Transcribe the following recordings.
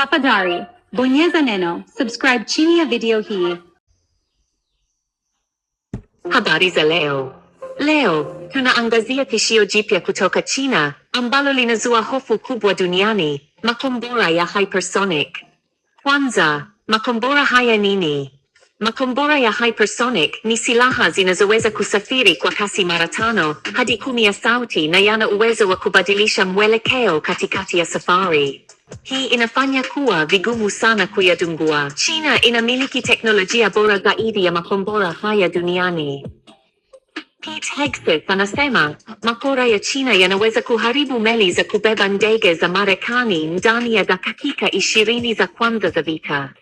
Papadari. bonyeza neno subscribe chini ya video hii. Habari za leo. Leo tunaangazia tishio jipya kutoka China ambalo linazua hofu kubwa duniani, makombora ya hypersonic. Kwanza, makombora haya nini? Makombora ya hypersonic ni silaha zinazoweza kusafiri kwa kasi mara tano hadi kumi ya sauti na yana uwezo wa kubadilisha mwelekeo katikati ya safari. Hii inafanya kuwa vigumu sana kuyadungua China inamiliki teknolojia bora zaidi ya makombora haya duniani. Pete Hegseth anasema makora ya China yanaweza kuharibu meli za kubeba ndege za Marekani ndani ya dakika ishirini za kwanza za vita.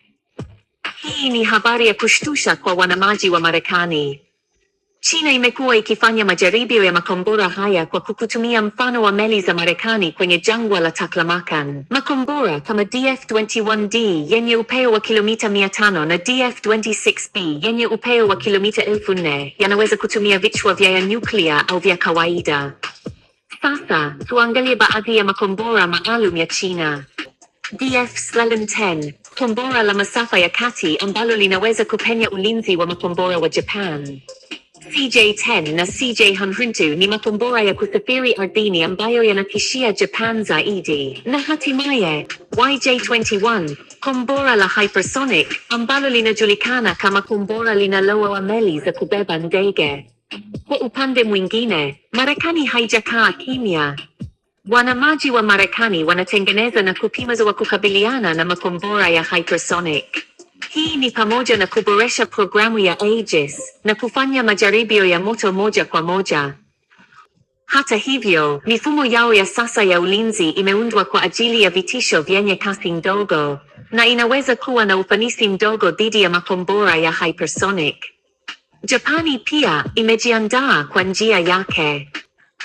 Hii ni habari ya kushtusha kwa wanamaji wa Marekani. China imekuwa ikifanya majaribio ya makombora haya kwa kukutumia mfano wa meli za Marekani kwenye jangwa la Taklamakan. Makombora kama DF-21D yenye upeo wa kilomita 500 na DF-26B yenye upeo wa kilomita 4000 yanaweza kutumia vichwa vya ya nyuklia au vya kawaida. Sasa tuangalie baadhi ya makombora maalum ya China. DF-10 kombora la masafa ya kati ambalo linaweza kupenya ulinzi wa makombora wa Japan. CJ10 na cj Hanhuntu ni makombora ya kusafiri ardhini ambayo yanatishia Japan zaidi. Na hatimaye YJ21, kombora la hypersonic ambalo linajulikana kama kombora linaloa meli za kubeba ndege. Kwa upande mwingine, Marekani haijakaa kimya. Wanamaji wa Marekani wanatengeneza na kupima za wa kukabiliana na makombora ya hypersonic. Hii ni pamoja na kuboresha programu ya Aegis na kufanya majaribio ya moto moja kwa moja. Hata hivyo, mifumo yao ya sasa ya ulinzi imeundwa kwa ajili ya vitisho vyenye kasi ndogo na inaweza kuwa na ufanisi mdogo dhidi ya makombora ya hypersonic. Japani pia imejiandaa kwa njia yake.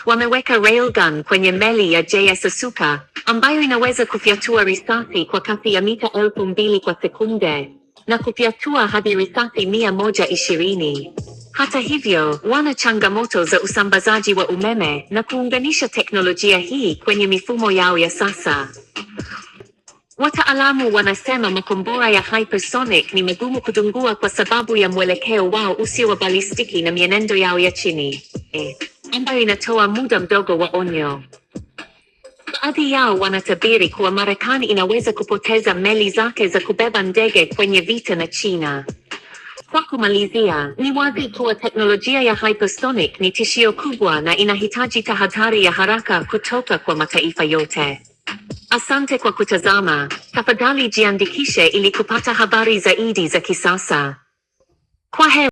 Wameweka railgun kwenye meli ya JS Asuka ambayo inaweza kufyatua risasi kwa kasi ya mita elfu mbili kwa sekunde na kupyatua hadi risasi mia moja ishirini. Hata hivyo, wana changamoto za usambazaji wa umeme na kuunganisha teknolojia hii kwenye mifumo yao ya sasa. Wataalamu wanasema makombora ya hypersonic ni magumu kudungua kwa sababu ya mwelekeo wao usio wa balistiki na mienendo yao ya chini, eh, ambayo inatoa muda mdogo wa onyo. Baadhi yao wanatabiri kuwa Marekani inaweza kupoteza meli zake za kubeba ndege kwenye vita na China. Kwa kumalizia, ni wazi kuwa teknolojia ya hypersonic ni tishio kubwa na inahitaji tahadhari ya haraka kutoka kwa mataifa yote. Asante kwa kutazama. Tafadhali jiandikishe ili kupata habari zaidi za kisasa. Kwa he